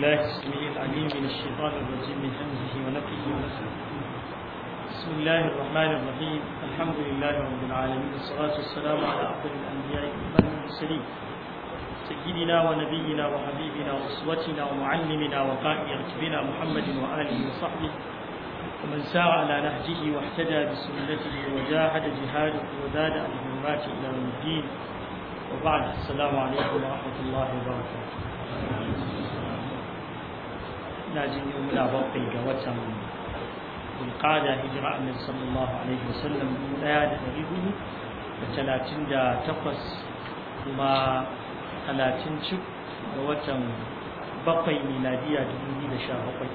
الله السميع العليم من الشيطان الرجيم من همزه ونفخه ونفخه بسم الله الرحمن الرحيم الحمد لله رب العالمين والصلاة والسلام على أفضل الأنبياء والمرسلين سيدنا ونبينا وحبيبنا وأسوتنا ومعلمنا وقائد ركبنا محمد وآله وصحبه ومن سار على نهجه واحتدى بسنته وجاهد جهاده وزاد عن إلى يوم الدين وبعد السلام عليكم ورحمة الله وبركاته ina jin yau muna bakwai ga watan bulkada hijira annabi sallallahu alaihi wasallam dubu ɗaya da ɗari hudu da talatin da takwas kuma talatin cik ga watan bakwai miladiya dubu biyu da sha bakwai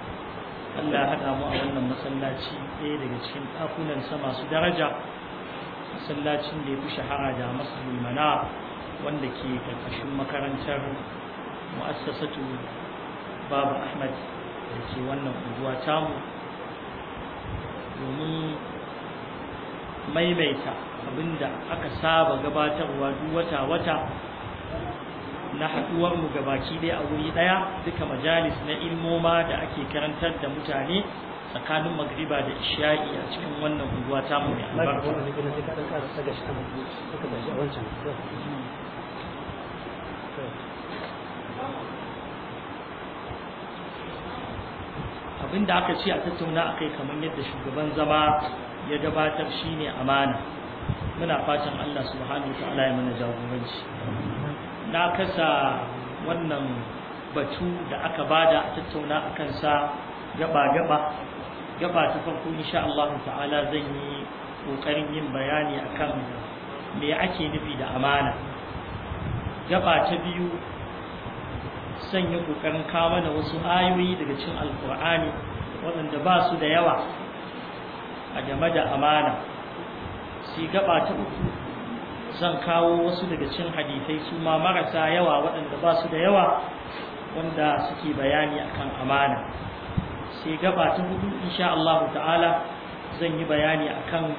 Allah ya haɗa mu a wannan masallaci ɗaya daga cikin ɗakunan sa masu daraja masallacin da ya fi shahara da masjidul mana wanda ke ƙarƙashin makarantar mu'assasatu babu Ahmad da wannan unguwa tamu domin maimaita abinda aka saba gabatarwa duk wata-wata na mu gabaki dai a wuri daya duka majalis na ilmoma da ake karantar da mutane tsakanin magriba da isha'i a cikin wannan unguwa tamu mai albarka abinda aka ce a tattauna a kai kamar yadda shugaban zama ya gabatar shine amana muna fatan Allah subhanahu wa ta'ala ya mana jagoranci na kasa wannan batu da aka bada a tattauna a kansa gaba gaba gaba ta farko insha Allah ta'ala zan yi kokarin yin bayani akan me ake nufi da amana gaba ta biyu Zan yi kokarin kawo mana wasu ayoyi daga cin alkur'ani waɗanda ba su da yawa a game da amana shi gaba ta uku zan kawo wasu daga cin hadisai su ma marasa yawa waɗanda ba su da yawa wanda suke bayani akan amana sai gaba ta hudu insha Allah ta'ala zan yi bayani akan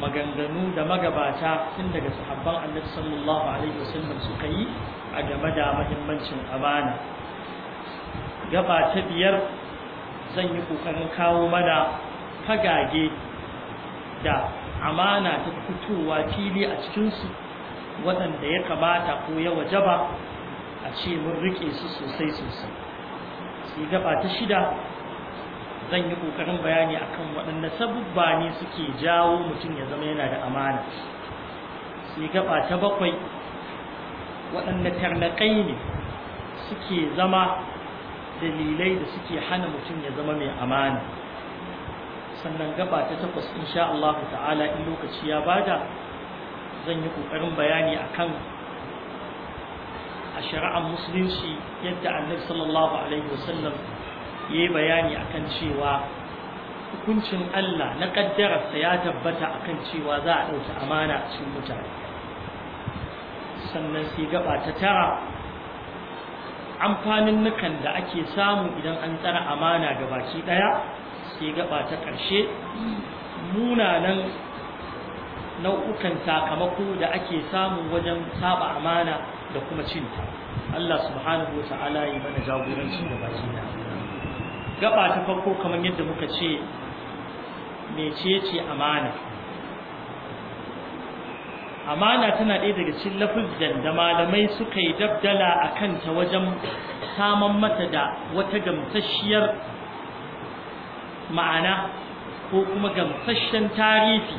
maganganu da magabata tun daga sahabban annabi sallallahu alaihi wasallam suka yi a game da muhimmancin amana gaba ta biyar zan yi kokarin kawo mana fagage da amana ta fitowa fili a cikinsu waɗanda ya kamata ko ya wajaba a ce mun rike su sosai sosai sai gaba ta shida zan yi ƙoƙarin bayani akan waɗanda sabubba ne suke jawo mutum ya zama yana da amana sai gaba ta bakwai waɗanda tarnaƙai ne suke zama dalilai da suke hana mutum ya zama mai amana sannan gaba ta takwas insha Allah ta'ala in lokaci ya bada zan yi ƙoƙarin bayani akan a shari'ar musulunci yadda annabi sallallahu alaihi wasallam yi bayani akan cewa hukuncin Allah na ƙaddararsa ya tabbata akan cewa za a ɗauki amana a cikin mutane sannan sai gaba ta tara amfanin nukan da ake samu idan an tsara amana ga baki ɗaya sai gaba ta ƙarshe munanan nau'ukan sakamako da ake samu wajen saba amana da kuma cinta Allah subhanahu wa ta'ala yi mana jagoranci da baki ɗaya gaba ta farko kamar yadda muka ce mecece amana amana tana ɗaya daga cikin lafuzzan da malamai suka yi dabdala a kanta wajen saman mata da wata gamsasshiyar ma'ana ko kuma gamsasshen tarihi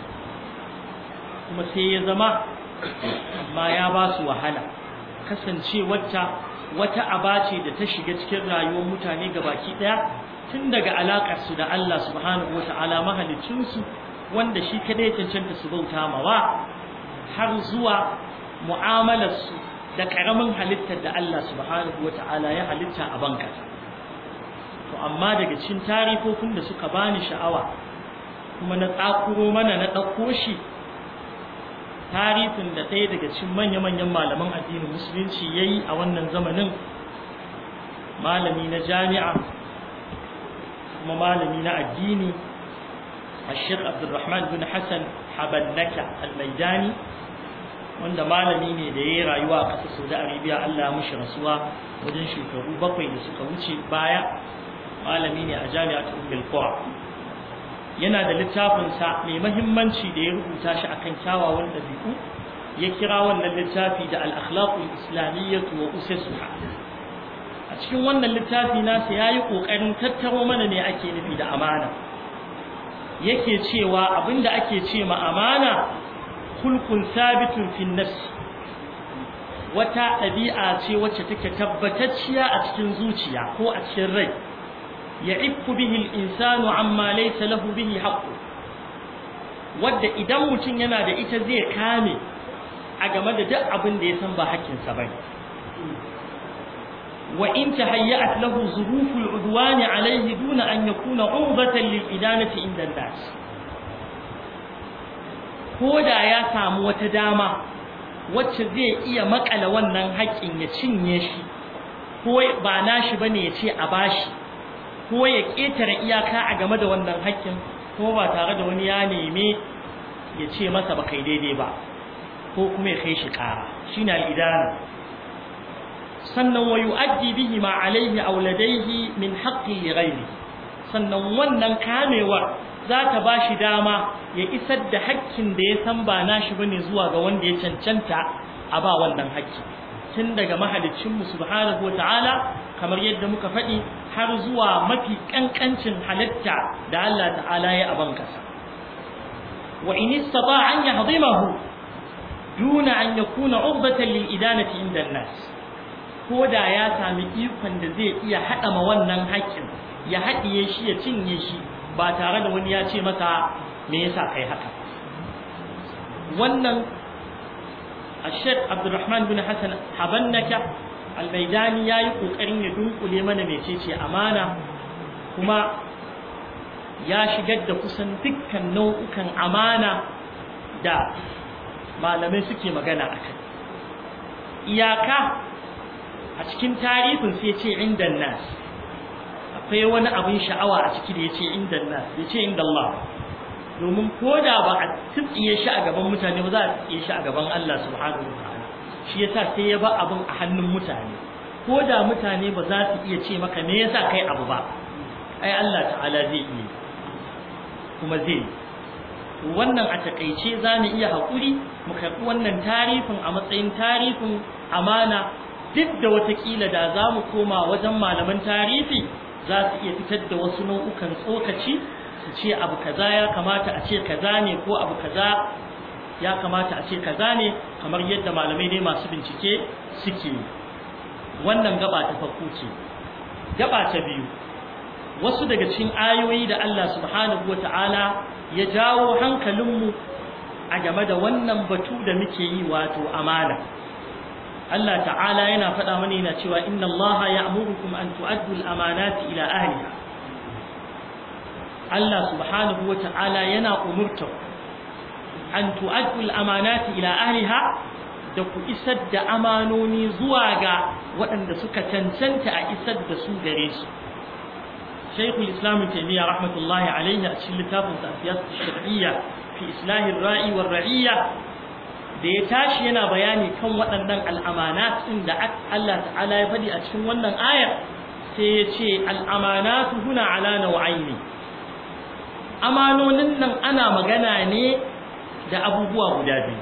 kuma sai ya zama amma ya ba su wahala kasancewarta wata aba ce da ta shiga cikin rayuwar mutane ga baki ɗaya tun daga alaƙar da Allah subhanahu wa Ta'ala su wanda shi kadai cancanta su bauta mawa har zuwa mu'amalar da karamin halittar da Allah subhanahu wa Ta'ala ya halitta a banka to amma daga cikin tarifofin da suka bani sha'awa kuma na tsakuro mana na ɗauko shi tarihin da ɗaya daga cikin manya-manyan malaman addinin musulunci ya yi a wannan zamanin malami na jami'a kuma malami na addini الشيخ عبد الرحمن بن حسن حبنكة الميداني wanda malami ne da ya rayuwa a ƙasar Saudi arabiya Allah mushi rasuwa wajen shekaru bakwai da suka wuce baya malami ne a jami'at Ummul Qura yana da littafin sa mai muhimmanci da ya rubuta shi akan kyawawan biku ya kira wannan littafi da al-akhlaqul islamiyyah wa usasuha a cikin wannan littafi nasa ya yi ƙoƙarin tattaro mana ne ake nufi da amana yake cewa abinda ake ce ma amana kulkun sabitun fin wata ɗabi'a ce wacce take tabbatacciya a cikin zuciya ko a cikin rai ya ifku bihi insanu amma laysa lahu bihi haqqu wadda idan mutum yana da ita zai kame a game da duk abin da ya san ba hakkinsa bane وإن uduwani alaihi ظروف العدوان عليه دون أن يكون عرضة للإدانة عند Ko da ya samu wata dama wacce zai iya makala wannan haƙƙin ya cinye shi ko ba nashi bane ya ce a bashi ko ya ƙetare iyaka a game da wannan haƙƙin ko ba tare da wani ya neme ya ce masa ba kai daidai ba ko kuma ya kai shi ƙara shine al'idana sannan wa yu'addi bihi ma alaihi auladaihi min haqqi li ghairihi sannan wannan kamewar za ta ba shi dama ya isar da hakkin da ya san ba nashi bane zuwa ga wanda ya cancanta a ba wannan hakki tun daga mahaliccinmu subhanahu ta'ala kamar yadda muka faɗi har zuwa mafi ƙanƙancin halitta da Allah ta'ala ya aban kasa wa in istata an yahdimahu duna an yakuna urbatan lil idanati inda nas ko da ya sami ikon da zai iya haɗa ma wannan haƙƙin ya haɗiye shi ya cinye shi ba tare da wani ya ce masa me yasa kai haka wannan الشيخ bin hassan Hassan حسن حبنك ya yi kokarin ya dunkule mana ce amana kuma ya shigar da kusan dukkan nau'ukan amana da malamai suke magana akan iyaka a cikin tarihin sai ce inda nas akwai wani abin sha'awa a ciki da ya ce inda nas ya ce inda Allah domin ko da ba a tsitsiye shi a gaban mutane ba za a tsitsiye shi a gaban Allah subhanahu wa ta'ala shi yasa sai ya ba abin a hannun mutane ko da mutane ba za su iya ce maka me yasa kai abu ba ai Allah ta'ala zai yi kuma zai wannan a takaice za mu iya haƙuri mu karɓi wannan tarifin a matsayin tarifin amana duk da watakila da za mu koma wajen malaman tarihi za su iya fitar da wasu nau'ukan tsokaci su ce abu kaza ya kamata a ce kaza ne ko abu kaza ya kamata a ce kaza ne kamar yadda malamai ne masu bincike suke wannan gaba ta farko ce gaba ta biyu wasu daga cikin ayoyi da Allah subhanahu wata'ala ya jawo hankalinmu a game da wannan batu da muke yi wato amana Allah ta'ala yana faɗa mana yana cewa inna Allah ya'murukum an tu'addu al-amanati ila ahliha Allah subhanahu wa ta'ala yana umurta an tu'addu al-amanati ila ahliha da ku isar da amanoni zuwa ga waɗanda suka cancanta a isar da su gare su شيخ الإسلام تيمية رحمة الله عليه أشل تابوت أسياس الشرعية في إصلاح الرائي والرعية da ya tashi yana bayani kan waɗannan al'amanat inda Allah ta'ala ya faɗi a cikin wannan ayar sai ya ce al’amanat huna ala nau'aini amanonin nan ana magana ne da abubuwa guda biyu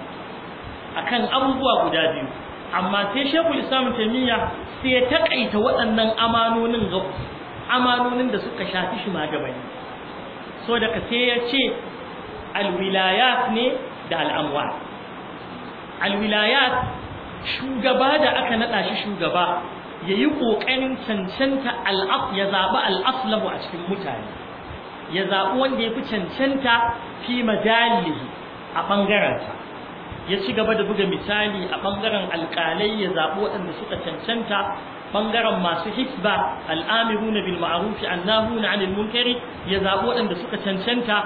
a kan abubuwa guda biyu amma sai shekul islamun taimiyya sai ya taƙaita waɗannan amanonin ga amanonin da suka shafi shi magabani so daga sai ya ce alwilayat ne da al'amwa alwilayat shugaba da aka naɗa shi shugaba ya yi ƙoƙarin cancanta ya zaɓi al'aslamu a cikin mutane ya zaɓi wanda ya fi cancanta fi majalihi a ɓangarensa ya ci gaba da buga misali a ɓangaren alƙalai ya zaɓi waɗanda suka cancanta ɓangaren masu hisba al'amiruna bil ma'arufi annahuna 'anil munkari ya zaɓi waɗanda suka cancanta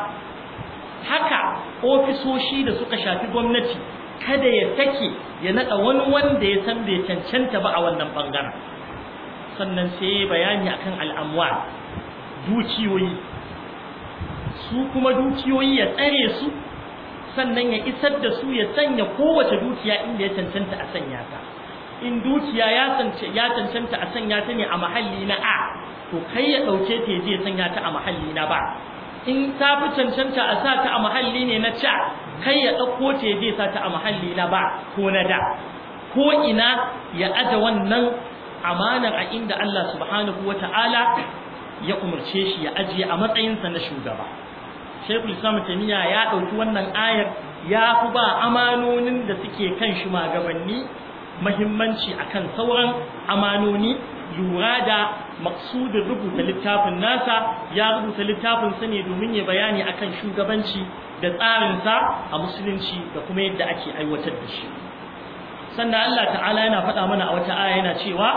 haka ofisoshi da suka shafi gwamnati kada ya take ya naɗa wani wanda ya san bai cancanta ba a wannan bangaren sannan sai ya bayani akan al'amwa dukiyoyi su kuma dukiyoyi ya tsare su sannan ya isar da su ya sanya kowace dukiya inda ya cancanta a sanya ta in dukiya ya cancanta a sanya ta ne a mahalli na a to kai ya ɗauke ta ya je sanya ta a mahalli na ba in ta fi cancanta a sa ta a mahalli ne na ca kai ya ɗauko ta zai sa ta a mahalli na ba ko na da ko ina ya aje wannan amanar a inda Allah subhanahu wa ta'ala ya umarce shi ya ajiye a matsayinsa na shugaba shekul islam taimiyya ya ɗauki wannan ayar ya fi ba amanonin da suke kan shi magabanni mahimmanci akan sauran amanoni lura da maksudin rubuta littafin nasa ya rubuta littafin sa ne domin ya bayani akan shugabanci da tsarinsa a musulunci da kuma yadda ake aiwatar da shi sannan Allah ta'ala yana faɗa mana a wata aya yana cewa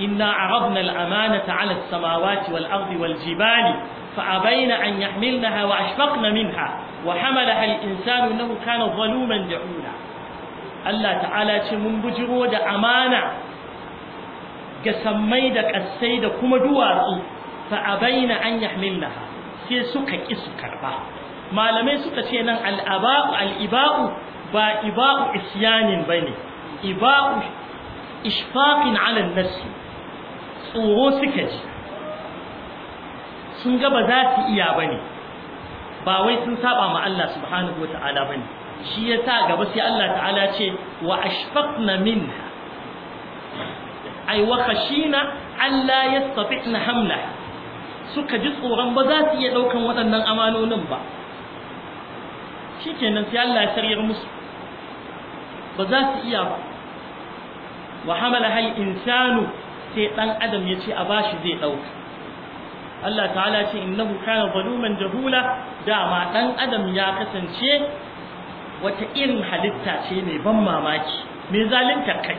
inna arabna al-amanata 'ala as-samawati wal-ardi wal-jibali فأبين minha wa وأشفقن منها insanu الإنسان kana كان ظلوما Allah Ta'ala ce mun bujiro da amana. ga sammai da ƙasai da kuma duwatsu a bayyana an ha, sai suka ƙi su karba malamai suka ce nan al'aba'u al'iba'u ba iba'u isyanin ba ne, iba'u ishfaqin alal an tsoro suka ji sun gaba za su iya ba ne, ba wai sun saba ma Allah subhanahu ta'ala bane shi ya yasa gaba sai Allah ta'ala ce wa ashfaqna minha ai wa khashina alla yastati'na hamla suka ji tsoron ba za su iya daukan waɗannan amanonin ba shikenan sai Allah ya sarriyar musu ba za su iya ba wa hamala hal insanu sai dan adam ya ce a bashi zai dauka Allah ta'ala ce innahu kana zaluman jahula dama dan adam ya kasance wata irin halitta ce mai ban mamaki mai zalunta kai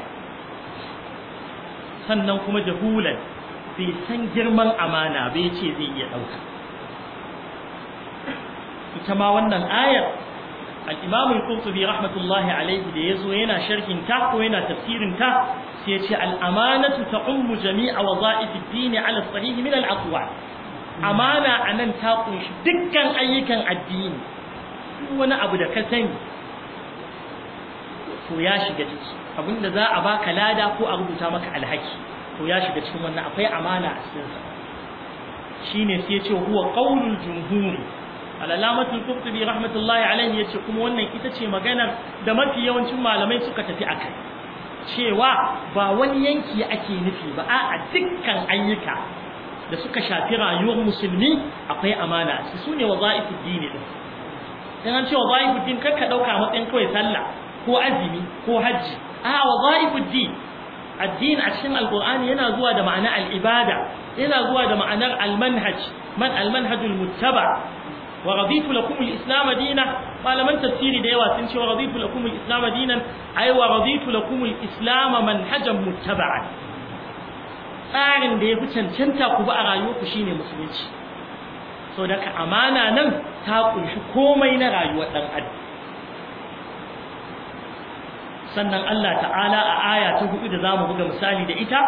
sannan kuma jahulan bai san girman amana bai ce zai iya ɗauka ita ma wannan ayar al-imam al rahmatullahi alaihi da yazo yana sharhin ta ko yana tafsirin ta sai ce al'amanatu ta ta'ummu jami'a wadha'if ad dini, 'ala sahihi, min al-aqwal anan ta kunshi dukkan ayyukan addini wani abu da ka sani to ya shiga ciki abinda za a baka lada ko a rubuta maka alhaki to ya shiga cikin wannan akwai amana a cikin sa shine sai ya ce huwa qaulul jumhur al-alamatu al-qurtubi rahmatullahi alayhi yace kuma wannan ita ce maganar da mafi yawancin malamai suka tafi akai cewa ba wani yanki ake nufi ba a dukkan ayyuka da suka shafi rayuwar musulmi akwai amana su ne wa za'ifuddin din dan an ce wa za'ifuddin kar ka dauka matsayin kawai sallah ko azumi ko hajji a wadhaifud din addini a cikin alqur'ani yana zuwa da ma'ana al'ibada, ibada yana zuwa da ma'anar al-manhaj man al-manhajul muttaba wa raditu lakum al-islam dinan malaman tafsiri da yawa sun ce wa raditu lakum al-islam dinan ay wa raditu lakum al manhajan muttaba'a tsarin da ya fi cancanta ku ba a ku shine musulunci so ka amana nan ta kunshi komai na rayuwar dan adam sannan Allah ta'ala a aya ta hudu da zamu buga misali da ita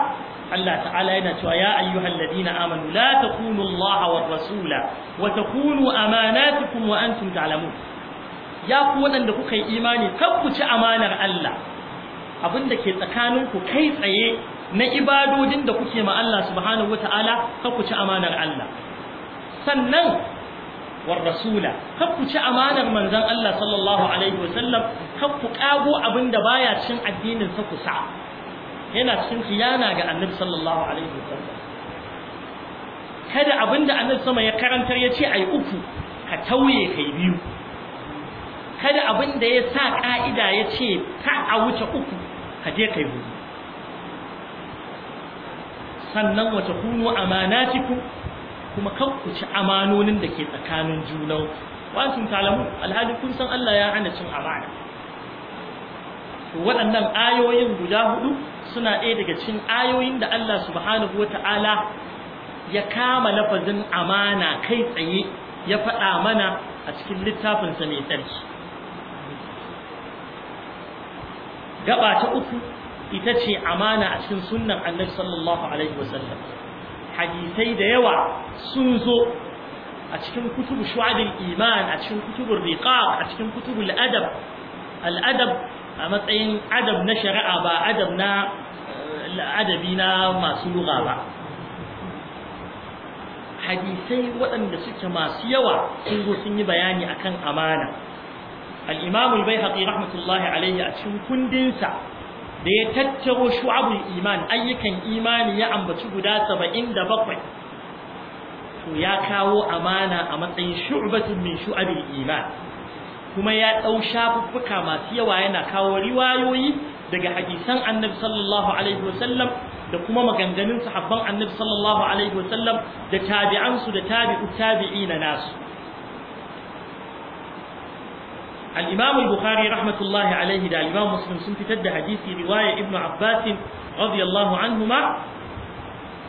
Allah ta'ala yana cewa ya ayyuhal ladina amanu la takunu Allah wa rasula wa takunu amanatukum wa antum ta'lamun ya ku wadanda kuka yi imani kar ku ci amanar Allah abinda ke tsakanin ku kai tsaye na ibadodin da kuke ma Allah subhanahu wata'ala kar ku ci amanar Allah sannan war rasula kar ku ci amanar manzon Allah sallallahu alaihi wasallam kar ku kago abinda baya cin addinin sa ku sa yana cikin kiyana ga annabi sallallahu alaihi Sallam. kada abinda annabi sama ya karantar ya ce ai uku ka tauye kai biyu kada abinda ya sa ka'ida ya ce ta a wuce uku ka je kai hudu sannan wata kunu amanatikum kuma kan ku ci amanonin da ke tsakanin junan wasun talamu alhali kun san Allah ya hana cin amana waɗannan ayoyin guda hudu suna ɗaya daga cikin ayoyin da Allah subhanahu wata'ala ya kama lafazin amana kai tsaye ya faɗa mana a cikin littafinsa mai tsarki gaba ta uku ita ce amana a cikin sunnan annabi sallallahu alaihi wasallam hadisai da yawa sun zo a cikin kutubu shu'abin iman a cikin kutubun riqaq a cikin kutubul adab al'adab a matsayin adab na shari'a ba adab na eh, adabi na masu lugha ba hadisai waɗanda suke masu yawa sun zo sun yi bayani akan amana al-imam al-baihaqi rahmatullahi alayhi a cikin kundinsa da ya tattaro shu'abul iman ayyukan imani ya ambaci guda saba'in da bakwai to ya kawo amana a matsayin shu'batun min shu'abil iman kuma ya ɗau shafuffuka masu yawa yana kawo riwayoyi daga hadisan annabi sallallahu alaihi wasallam da kuma maganganun sahabban annabi sallallahu alaihi wasallam da tabi'ansu da tabi'u tabi'ina nasu al-imam al-bukhari rahmatullahi alaihi da sun fitar da hadisi riwaya ibnu abbas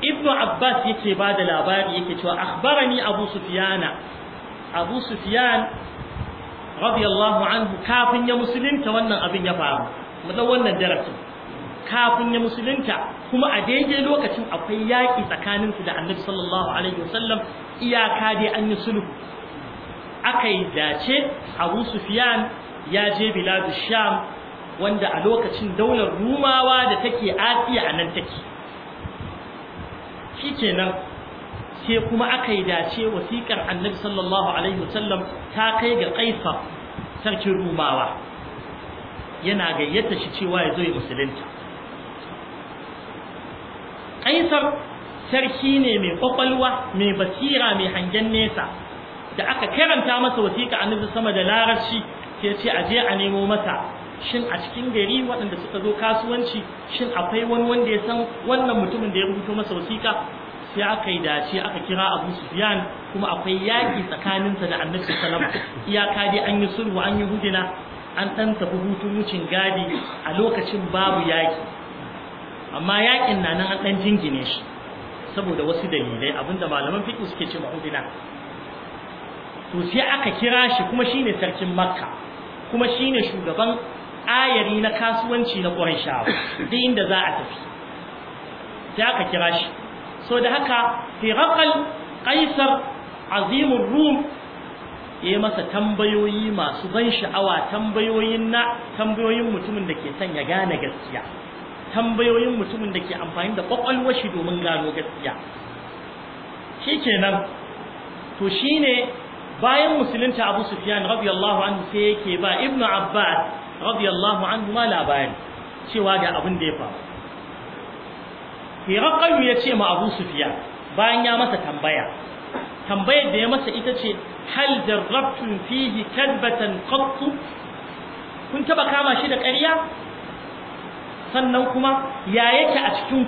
ibnu abbas yake ba da labari yake cewa akhbarani abu sufyana abu sufyan radiyallahu anhu kafin ya musulunta wannan abin ya faru wannan kafin ya musulunta kuma a daidai lokacin akwai yaƙi tsakaninsu da annabi sallallahu alaihi wasallam iyaka dai an yi sulhu aka yi dace abu sufiyan ya je biladu sham wanda a lokacin daular rumawa da take asiya a nan take shi kenan sai kuma aka yi dace wasiƙar annabi sallallahu alaihi wasallam ta kai ga kaisar sarkin rumawa yana gayyata shi cewa ya zo yi musulunta kaisar sarki ne mai kwakwalwa mai basira mai hangen nesa da aka karanta masa wasiƙa a nufin sama da larabci ke ce a je a nemo masa shin a cikin gari waɗanda suka zo kasuwanci shin akwai wani wanda ya san wannan mutumin da ya rubuto masa wasiƙa sai aka yi dace aka kira Abu Sufyan kuma akwai yaƙi tsakaninsa da Annabi sallallahu alaihi wasallam iyaka dai an yi sulhu an yi hudina an dan tafi hutun wucin gadi a lokacin babu yaƙi amma yaƙin na nan an dan jingine shi saboda wasu dalilai abinda malaman fiqh suke ce hudina to sai aka kira shi kuma shine sarkin makka kuma shine shugaban ayari na kasuwanci na ƙurayshawa duk inda za a tafi sai aka kira shi so da haka firaqal qaisar azimur rum ya masa tambayoyi masu ban sha'awa tambayoyin na tambayoyin mutumin da ke son ya gane gaskiya tambayoyin mutumin da ke amfani da kwakwalwar shi domin gano gaskiya Shi kenan to shine bayan musulunta Abu Sufyan radiyallahu anhu sai yake ba Ibn Abbas radiyallahu anhu ma labari cewa ga abin da ya faru ya ce ma Abu Sufyan bayan ya masa tambaya tambayar da ya masa ita ce hal jarrabtum fihi kadbatan qatt kun taba kama shi da ƙarya sannan kuma ya yake a cikin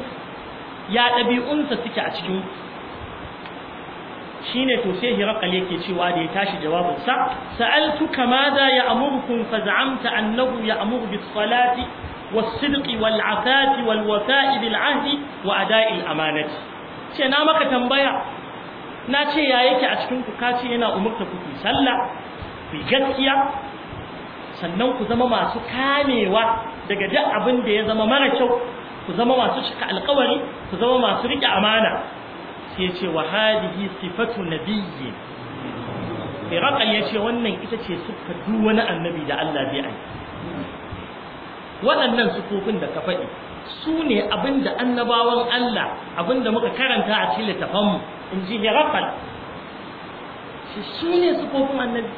ya ɗabi'unsa suke a cikin shine to sai hirakal yake cewa da ya tashi jawabinsa. sa sa'altuka madha ya'murukum fa za'amta annahu ya'muru ya salati was wa wal walafati wal wafa'i ahdi wa ada'i amanati ce na maka tambaya na ce ya yake a cikin ku kace yana umurta ku ku sallah ku gaskiya sannan ku zama masu kamewa daga duk abin da ya zama mara kyau ku zama masu cika alkawari ku zama masu riƙe amana sai ce wa hadihi sifatu nabiyyi ya ce wannan ita ce siffa duk wani annabi da Allah waɗannan sifofin da ka faɗi su ne abinda annabawan Allah abinda muka karanta a cikin littafanmu in ji Iraqal su ne sifofin annabi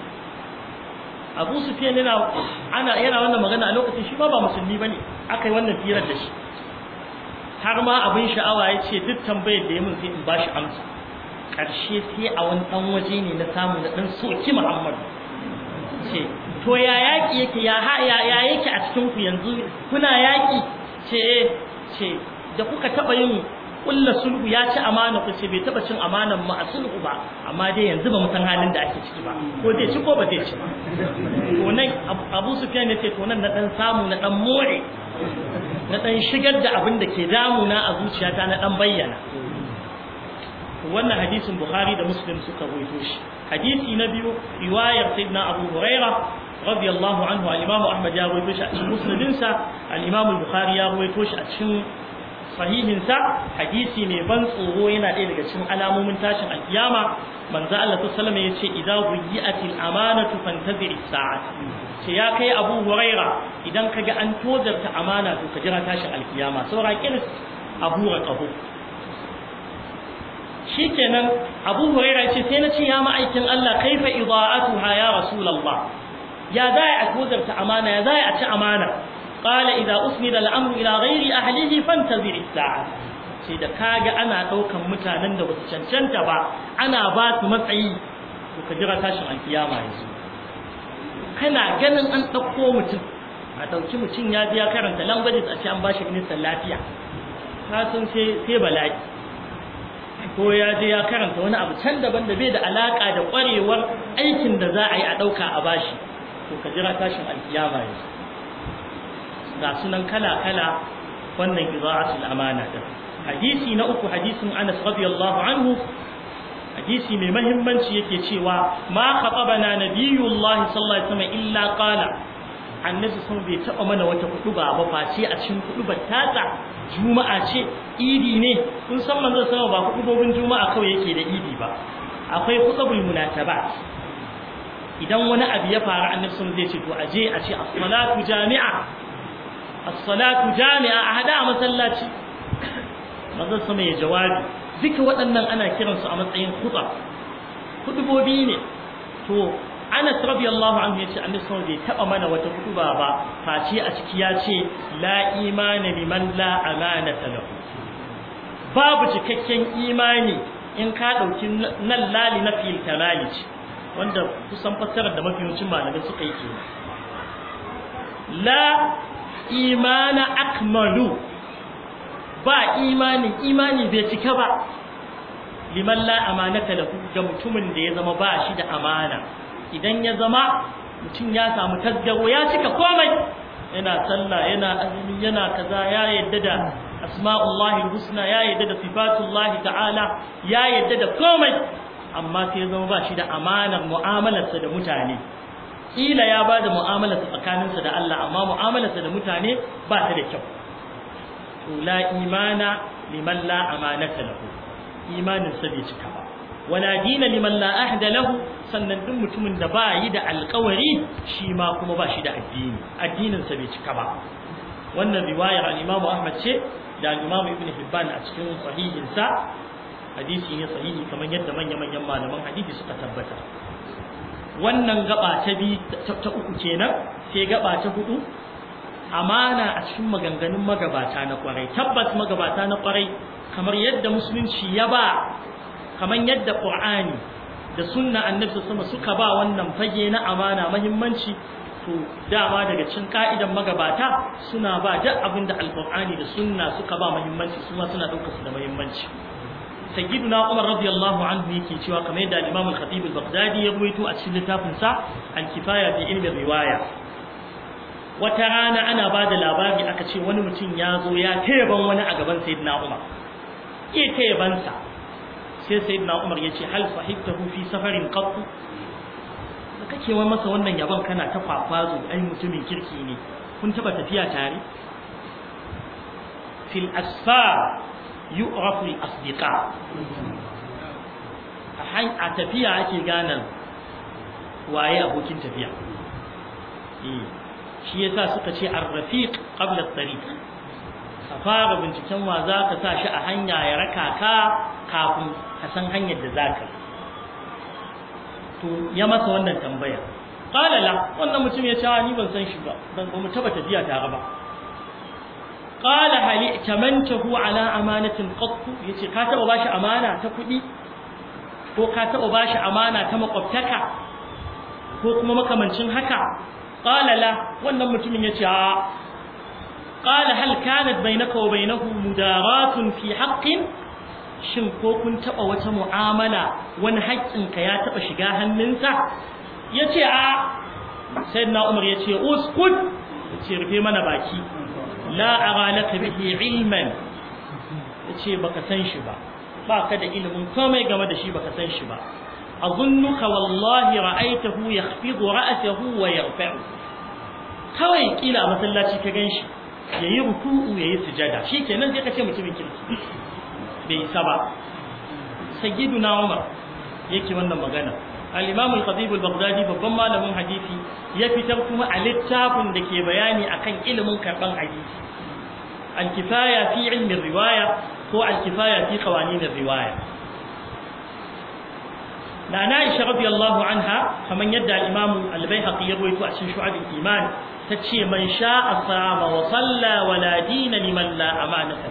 Abu Sufyan yana yana wannan magana a lokacin shi ba ba musulmi bane akai wannan firar da shi har ma abin sha'awa ya ce duk tambayar da ya mun sai in ba shi amsa ƙarshe sai a wani ɗan waje ne na samu na ɗan soki muhammadu ce to ya yaƙi yake ya yake a cikin ku yanzu kuna yaƙi ce eh. ce da kuka taɓa yin kulla sulhu ya ci amana ku ce bai taɓa cin amana mu a sulhu ba amma dai yanzu ba mu san halin da ake ciki ba ko zai ci ko ba zai ci ba to nan abu sufiyan ya ce to nan na ɗan samu na ɗan more na ɗan shigar da abin da ke damuna a zuciyata na ɗan bayyana wannan hadisin bukhari da muslim suka rubuto shi hadisi na biyu riwayar sayyidina abu huraira radiyallahu anhu al-imam ahmad ya rubuto shi a cikin musnadinsa al-imam al-bukhari ya rubuto shi a cikin sahihinsa hadisi mai ban tsoro yana ɗaya daga cikin alamomin tashin alkiyama manzo Allah sallallahu alaihi yace idza buyi'atil amanatu fantazir sa'at ce ya kai Abu Huraira idan kaga an tozarta amana to ka jira tashin alkiyama saura kiris Abu Raqabu shikenan Abu Huraira yace sai na ce ya ma'aikin Allah kaifa idaa'atuha ya Rasulullah ya za a tozarta amana ya za a ci amana qala idza usnida da amru ila ghairi ahlihi fantazir as-sa'a sai da kaga ana daukan mutanen da basu cancanta ba ana ba su matsayi to ka jira tashin alkiyama yanzu kana ganin an dauko mutum a dauki mutum ya biya karanta languages a ce an lafiya sai bala'i ko ya je ya karanta wani abu can daban da bai da alaka da kwarewar aikin da za a yi a dauka a bashi to ka jira tashin alkiyama yanzu ga sunan kala-kala wannan iza'atul amana da hadisi na uku hadisin Anas radiyallahu anhu hadisi mai mahimmanci yake cewa ma khatabana nabiyullahi sallallahu alaihi wasallam illa qala annabi sun bai taba mana wata kutuba ba face a cikin ba tata juma'a ce idi ne kun san manzon sama ba kutubobin juma'a kawai yake da idi ba akwai kutubul munatabat idan wani abu ya faru annabi sun zai ce to aje a ce as-salatu jami'a as-salatu jami'a a hada a masallaci manzon sama ya jawabi duka waɗannan ana kiransu a matsayin khutba kuɗubobi ne to Anas radiyallahu anhu yace Annabi sallallahu alaihi bai taba mana wata kutuba ba face a ciki yace la imana liman la amana lahu babu cikakken imani in ka dauki nan lali na fil kamali ce wanda kusan fassarar da mafiyancin malamai suka yi kenan la imana akmalu ba imani imani bai cika ba liman la amanata lahu ga mutumin da ya zama ba shi da amana idan ya zama mutum ya samu tasgaro ya cika komai yana sallah yana azumi yana kaza ya yadda da asma'ullahi husna ya yadda da sifatullahi ta'ala ya yadda da komai amma sai ya zama ba shi da amanar mu'amalarsa da mutane kila ya ba da mu'amalar tsakaninsa da Allah amma mu'amalarsa da mutane ba ta da kyau to la imana liman la amanata lahu imanin sa bai cika ba wala dina liman la ahda lahu sannan duk mutumin da ba yi da alƙawari shi ma kuma ba shi da addini addinin sa bai cika ba wannan riwayar al Ahmad ce da al-Imam Ibn Hibban a cikin sahihinsa hadisi ne sahihi kamar yadda manya-manyan malaman hadisi suka tabbata wannan gaba ta bi ta uku kenan sai gaba ta hudu amana a cikin maganganun magabata na kwarai tabbas magabata na kwarai kamar yadda musulunci ya ba kamar yadda qur'ani da sunna annabi sama suka ba wannan fage na amana muhimmanci to dama daga cikin ka'idan magabata suna ba duk abinda alqur'ani da sunna suka ba muhimmanci kuma suna ɗaukar su da muhimmanci sayyiduna umar radiyallahu anhu yake cewa kamar yadda imam al-khatib ya ruwaito a cikin littafin sa al-kifaya bi ilmi riwaya wata rana ana ba da labari aka ce wani mutum ya zo ya tayaban wani a gaban sayyidina umar iya tayaban sai sayyidina umar ya ce hal fahimta rufi safarin qat da kake masa wannan yabon kana ta kwakwazo ai mutumin kirki ne kun taɓa tafiya tare fil asfar yu'rafu al-asdiqa a tafiya ake gane waye abokin tafiya eh, shi yasa suka ce a rafiq ƙabla at fara binciken wa za ka sa shi a hanya ya raka ka kafin ka san hanyar da za ka to ya masa wannan tambayar qala la wannan mutum ya ce ni ban san shi ba ban mu taba tafiya tare ba qala hal tamantahu ala amanatin qat yace ka taba bashi amana ta kudi ko ka taba bashi amana ta makwabtaka ko kuma makamancin haka qala la wannan mutumin yace a qala hal kanat bainaka wa bainahu mudaratun fi haqqin shin ko kun taba wata mu'amala wani haƙƙin ka ya taba shiga hannunsa yace a sayyidina umar yace uskut yace rufe mana baki la ara laka bihi ilman yace baka san shi ba baka da ilimin komai game da shi baka san shi ba azunnuka wallahi ra'aytahu yakhfidu ra'atahu wa yarfa'u kawai kila masallaci ka ganshi yayi ruku'u yayi sujada shikenan sai kace ce mutumin kirki bai isa ba sayyiduna umar yake wannan magana al-imam al al-baghdadi babban malamin hadisi ya fitar kuma a littafin da ke bayani akan ilimin karban hadisi al-kifaya fi ilmi riwaya ko al-kifaya fi qawanin riwaya da na Aisha radiyallahu anha kaman yadda al-imam al-baihaqi ya rawaito a cikin shu'ab al-iman tace man sha'a sama wa salla wa la dina liman la amanata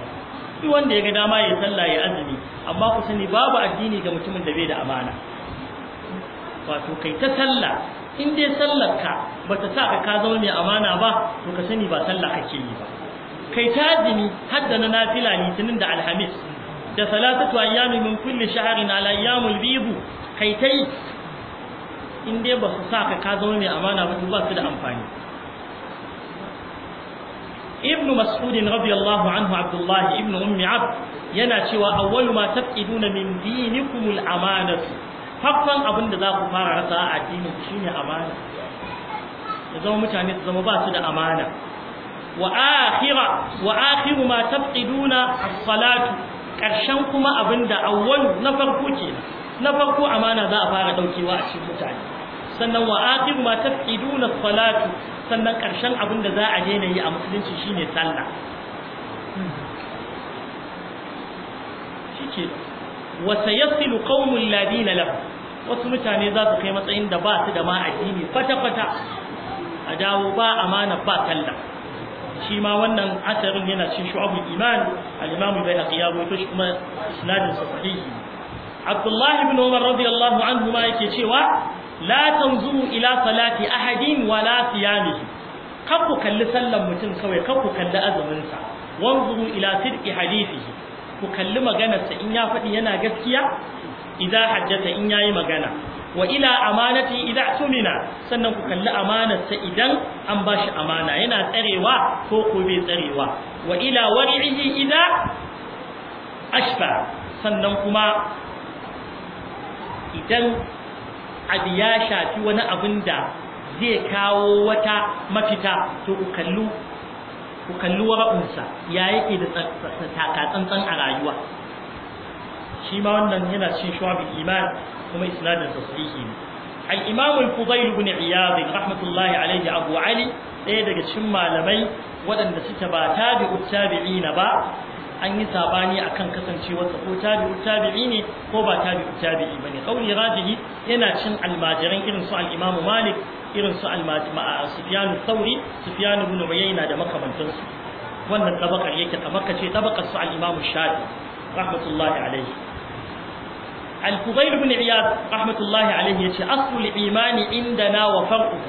duk wanda ya ga dama ya salla ya azumi amma ku sani babu addini ga mutumin da bai da amana wato kai ta sallah in dai sallar ka bata sa ka ka zama mai amana ba to ka sani ba sallah kake yi ba kai ta azumi hadda na nafila litinin da alhamis da salatatu ayyami min kulli shahrin ala ayyamul bidu kai tai in dai ba su sa ka ka zama mai amana ba to ba su da amfani ابن مسعود رضي الله عنه عبد الله ابن أم عبد يناتي وأول ما تفقدون من دينكم الأمانة farkon abin da za ku fara rasa a addinin shine amana ya zama mutane su zama ba su da amana wa akhira wa akhiru ma tafqiduna as-salatu karshen kuma abinda awwal na farko kenan na farko amana za a fara daukewa a cikin mutane sannan wa akhiru ma tafqiduna as-salatu sannan karshen abinda za a daina yi a musulunci shine sallah shike wa sayassilu qaumul ladina lahu wasu mutane za su kai matsayin da ba su da ma fata-fata, a dawo ba amana ba talla. shi ma wannan asarin yana cin shu'abul iman al bai haƙi ya wato shi kuma sanadin sa sahihi Abdullah ibn Umar radiyallahu anhu ma yake cewa la tanzuru ila salati ahadin wa la siyamihi ku kalli sallan mutum kawai kan ku kalli azumin sa wanzuru ila sidqi hadithihi ku kalli maganarsa in ya faɗi yana gaskiya idan hajjata in yayi magana wa ila amanati idan tumina sannan ku kalli amanarsa idan an bashi amana yana tsarewa ko ko bai tsarewa wa ila warihi idza ashfa sannan kuma idan abu ya shafi wani abin da zai kawo wata mafita to ku kallu ku kalli wara'unsa ya yake da takatsantsan a rayuwa shi ma wannan yana cin shuwabin iman kuma isnadin tasirihi ne al-imam al-fudayl ibn iyad rahmatullahi alayhi abu ali ɗaya daga cikin malamai waɗanda suka ba tabi'u tabi'ina ba an yi sabani akan kasancewarsa ko tabi'u tabi'i ne ko ba tabi'u tabi'i bane kauli rajihi yana cin almajiran irin su al Malik irin su al-Majma'a Sufyan al-Thawri Sufyan ibn Uyayna da makamantansu wannan tabakar yake tabakar ce tabakar su al-Imam Shafi rahmatullahi alaihi. al-Fudail ibn Iyad rahmatullahi alayhi yace aslul imani indana wa farquhu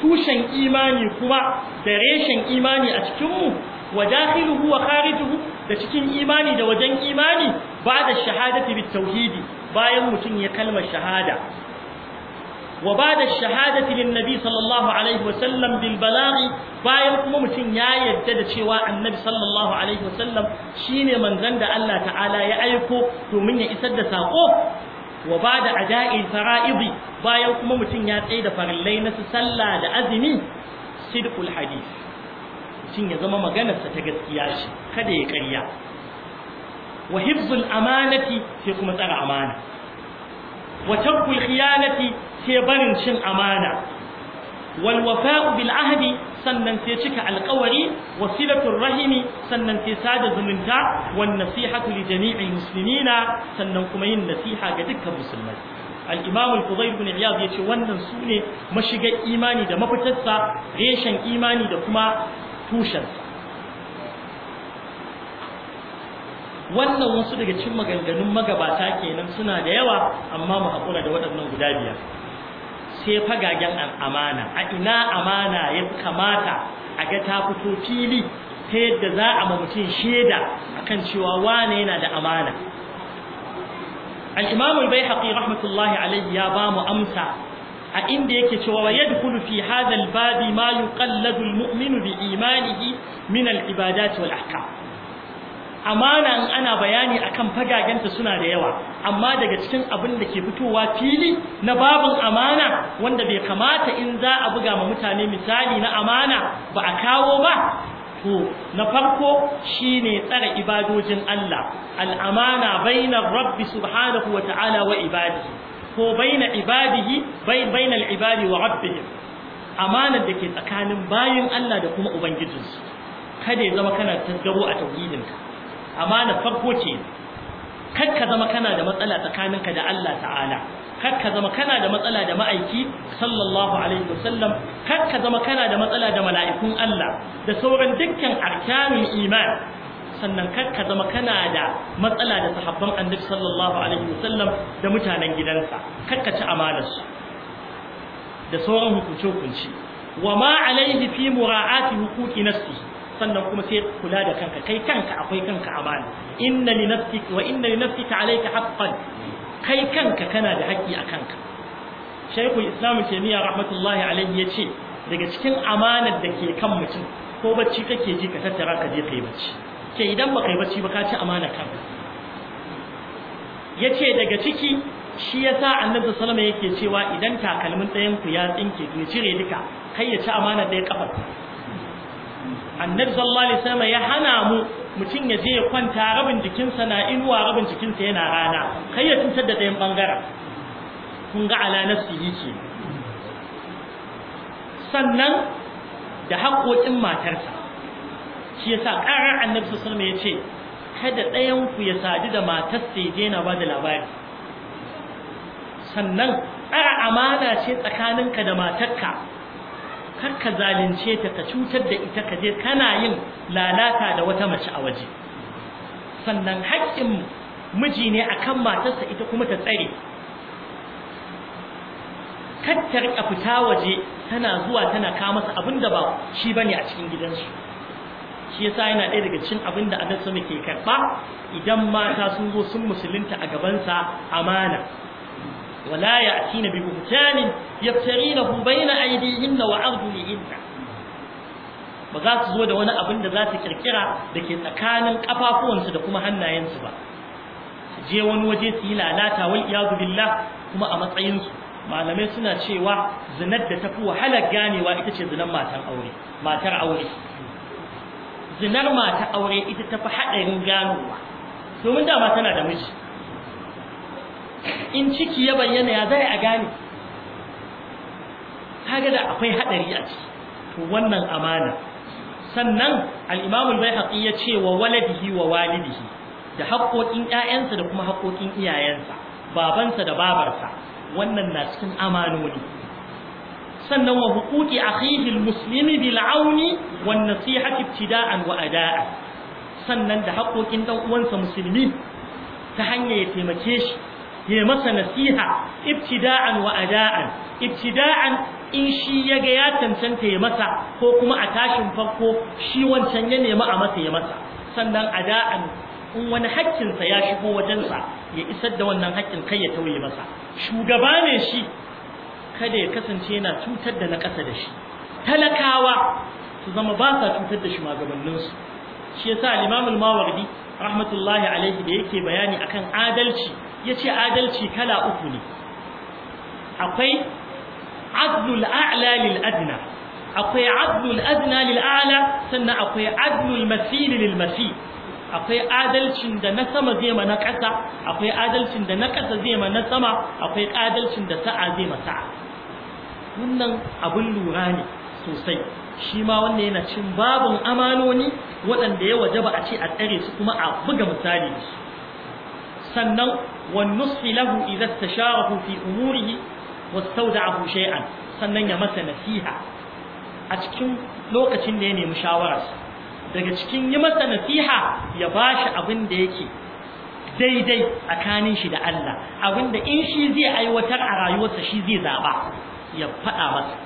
tushen imani kuma da reshen imani a cikin wa dakhiluhu wa da cikin imani da wajen imani ba'da shahadati bit tauhidi bayan mutun ya kalmar shahada wa da shahadati lin nabi sallallahu alaihi wa sallam bil balaghi bayan kuma mutun ya yadda da cewa annabi sallallahu alaihi wa sallam shine manzon da Allah ta'ala ya aiko domin ya isar da sako wa ba da ada'il fara'idi bayan kuma mutum ya tsaye da farillai na su sallah da azumi sidqul hadith shin ya zama maganarsa ta gaskiya shi kada ya ƙarya wa hifzul amanati sai kuma tsara amana wa tabkul khiyanati sai barin cin amana wal wafa'u bil ahdi sannan sai cika alƙawari wa silatul rahimi sannan sai sada zumunta wan nasihatu li jami'il muslimina sannan kuma yin nasiha ga dukkan musulmai al'imamu al-fuzai ibn iyaz ya ce wannan su ne mashigar imani da mafitarsa reshen imani da kuma tushensa wannan wasu daga cikin maganganun magabata kenan suna da yawa amma mu haƙura da waɗannan guda biyar sai fagagen amana a ina amana ya kamata a ga ta fito fili ta yadda za a ma mutum shaida akan cewa wane yana da amana al Imamul al rahmatullahi alayhi ya ba mu amsa a inda yake cewa wa yadkhulu fi hadha babi ma yuqalladu al-mu'minu bi imanihi min al wal ahkam amana in ana bayani akan fagaganta suna da yawa amma daga cikin abin da ke fitowa fili na babin amana wanda bai kamata in za a buga ma mutane misali na amana ba a kawo ba to na farko shine tsare ibadojin Allah al-amana bainar rabbi subhanahu wa ta'ala wa ibadihi ko baina ibadihi baina al-ibadi wa rabbihim amanar da ke tsakanin bayin Allah da kuma ubangijinsu kada ya zama kana tasgaro a tauhidinka amana farko ce kar ka zama kana da matsala tsakaninka da Allah ta'ala kar ka zama kana da matsala da ma'aiki sallallahu alaihi wasallam kar ka zama kana da matsala da mala'ikun Allah da sauran dukkan arkanul iman sannan kar ka zama kana da matsala da sahabban annabi sallallahu alaihi wasallam da mutanen gidansa kar ka ci amanarsu da sauran hukunce hukunci wa ma alaihi fi mura'ati huquqi nafsi sannan kuma sai kula da kanka kai kanka akwai kanka amana inna li nafsika wa inna li nafsika alayka haqqan kai kanka kana da haƙƙi a kanka shaykhul islam taymiya rahmatullahi alayhi yace daga cikin amanar da ke kan mutum ko bacci kake ji ka tattara ka je kai bacci ce idan baka yi bacci ba ka ci amana kan ce daga ciki shi ya yasa annabi salama yake cewa idan takalmin ɗayanku ku ya tsinke ya cire duka kai ya ci amana ɗaya kafa annabi sallallahu alaihi wasallam ya hana mu mutum ya je ya kwanta rabin jikinsa na inuwa rabin jikinsa yana rana kai ya cutar da ɗayan ɓangaren. kun ga ala nafsihi ce sannan da haƙoƙin matarsa shi yasa ƙarar annabi sallallahu alaihi wasallam yace kada ɗayan ku ya sadu da matar sai je na ba da labari sannan ƙara amana ce tsakaninka da matarka kar ka zalunce ta ka cutar da ita ka je kana yin lalata da wata mace a waje sannan haƙƙin miji ne akan matarsa ita kuma ta tsare kattar a fita waje tana zuwa tana kawo masa abin da ba shi bane a cikin gidansu shi yasa yana ɗaya daga cikin abin da annabi sama ke karɓa idan mata sun zo sun musulunta a gabansa amana wala ya'tina bi buhtanin yaftarinahu bayna aydihinna wa arjulihinna ba za su zo da wani abin da za su kirkira da ke tsakanin kafafuwansu da kuma hannayensu ba su je wani waje su yi lalata wal iyadu billah kuma a matsayinsu malamai suna cewa zinar da tafi wahalar ganewa ita ce zinar aure matar aure zinar mata aure ita tafi haɗarin ganowa domin dama tana da miji in ciki ya bayyana ya zai a gane kaga da akwai haɗari a ciki to wannan amana sannan al-imam al-baihaqi ya ce wa waladihi wa walidihi da haƙoƙin ƴaƴansa da kuma haƙoƙin iyayensa babansa da babarsa wannan na cikin amanoni sannan wa huquqi akhihi almuslimi bil auni wan nasihati ibtida'an wa ada'a sannan da haƙoƙin dan uwansa musulmi ta hanyar ya taimake shi ya masa nasiha ibtida'an wa ada'an ibtida'an in shi yaga ya tantance ya masa ko kuma a tashin farko shi wancan ya nemi a masa ya masa sannan ada'an in wani haƙƙinsa ya shigo wajensa ya isar da wannan haƙƙin kai ya tauye masa shugaba ne shi kada ya kasance yana cutar da na ƙasa da shi talakawa su zama ba sa cutar da shi magabanninsu shi yasa sa imamul mawardi rahmatullahi alaihi da yake bayani akan adalci yace adalci kala uku ne akwai adlul a'la lil adna akwai adlul adna lil a'la sannan akwai adlul masil lil masil akwai adalcin da na sama zai ma na ƙasa akwai adalcin da na ƙasa zai ma na sama akwai adalcin da sa'a zai ma sa'a wannan abin lura ne sosai shi ma wanda yana cin babin amanoni waɗanda ya wajaba a ce a tsare su kuma a buga misali su sannan wan nusfi lahu idza tasharahu fi umurihi wastawda'ahu shay'an sannan ya masa nasiha a cikin lokacin da ya nemi shawararsa daga cikin yi masa nasiha ya bashi abin da yake daidai tsakanin shi da Allah abin da in shi zai aiwatar a rayuwarsa shi zai zaɓa. ya faɗa masa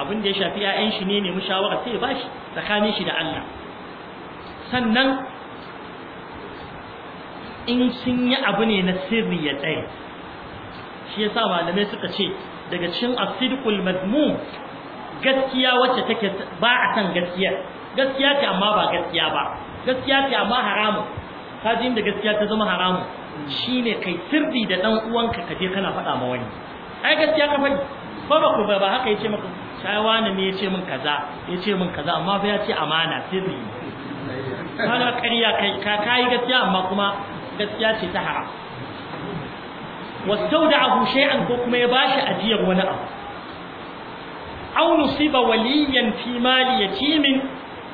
abin da ya shafi ‘ya'yan shi ne nemi shawara sai ya ba shi tsakanin shi da Allah sannan in sun yi abu ne na sirri ya tsaye shi ya sa malamai suka ce daga cikin asidikul mazmum gaskiya wacce take ba a san gaskiya gaskiya ce amma ba gaskiya ba gaskiya ce amma haramu ka ji inda gaskiya ta zama haramu shine kai sirri da dan uwanka kaje kana faɗa ma wani ai gaskiya ka faɗi ba ba ku ba ba haka yace maka shawa ne me yace min kaza yace min kaza amma fa yace amana sirri kana ƙarya kai ka kai gaskiya amma kuma gaskiya ce ta haram wastaudahu shay'an ko kuma ya bashi ajiyar wani abu aw nusiba waliyan fi mali yatimin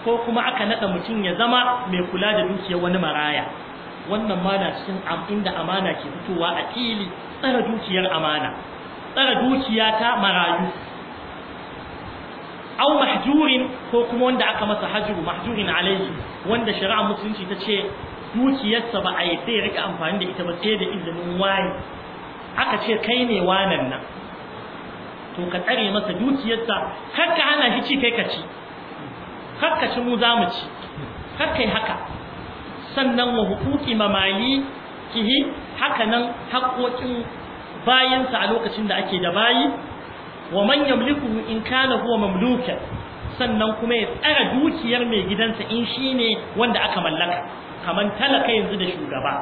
ko kuma aka nada mutum ya zama mai kula da dukiyar wani maraya wannan ma na cikin inda amana ke fitowa a fili tsara dukiyar amana tsara dukiya ta marayu au mahjurin ko kuma wanda aka masa hajuru mahjurin alaihi wanda shari'a musulunci ta ce dukiyarsa ba a yi sai rika amfani da ita ba sai da izinin waye aka ce kai ne wanan nan to ka tsare masa dukiyarsa kar ka hana shi ci kai ka ci kar ka ci mu za mu ci kar kai haka sannan wa hukuki mamali kihi haka nan haƙoƙin bayansa a lokacin da ake da bayi wa manyan yamliku in kana huwa mamlukan sannan kuma ya tsara dukiyar mai gidansa in shine wanda aka mallaka kaman talaka yanzu da shugaba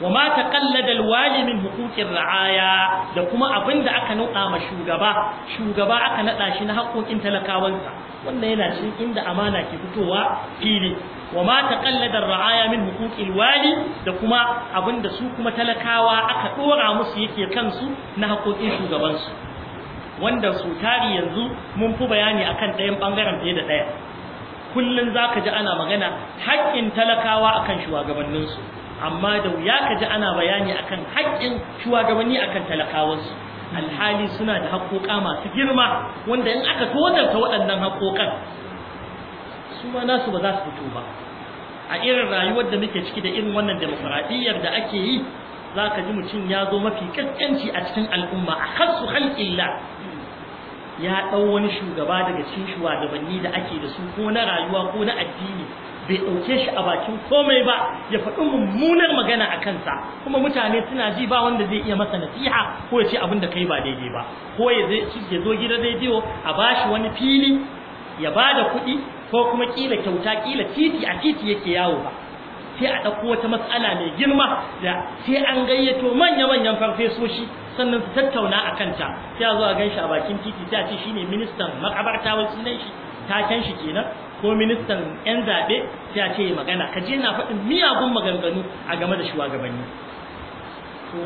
wa ma taqallada alwali min huquqir ra'aya da kuma abinda aka nuna ma shugaba shugaba aka nada shi na haƙoƙin talakawansa wannan yana shi inda amana ke fitowa fili wa ma taqallada ar-ra'aya min huquqil wali da kuma abinda su kuma talakawa aka dora musu yake kansu na haƙoƙin shugaban su wanda su tari yanzu mun fi bayani akan ɗayan bangaren fiye da ɗaya kullun zaka ji ana magana haƙƙin talakawa akan shugabanninsu amma da wuya ka ji ana bayani akan haƙƙin shugabanni akan talakawansu alhali suna da haƙoƙa masu girma wanda in aka tozarta waɗannan haƙoƙan su ma nasu ba za su fito ba a irin rayuwar da muke ciki da irin wannan demokuraɗiyyar da ake yi za ka ji mutum ya zo mafi ƙasƙanci a cikin al'umma a kansu halƙilla ya ɗau wani shugaba daga cikin shuwagabanni da ake da su ko na rayuwa ko na addini bai ɗauke shi a bakin komai ba ya faɗi mummunar magana a kansa kuma mutane suna ji ba wanda zai iya masa nasiha ko ya ce abin da kai ba daidai ba ko ya zo gidan rediyo a bashi wani fili ya ba da kuɗi ko kuma kila kyauta kila titi a titi yake yawo ba sai a ɗauko wata matsala mai girma da sai an gayyato manya-manyan farfesoshi sannan su tattauna a kanta sai a zo a gan a bakin titi sai a ce shine ministan makabarta wasu nan shi taken shi kenan ko ministan 'yan zaɓe sai ce ya magana ka je na faɗin miyagun maganganu a game da shugabanni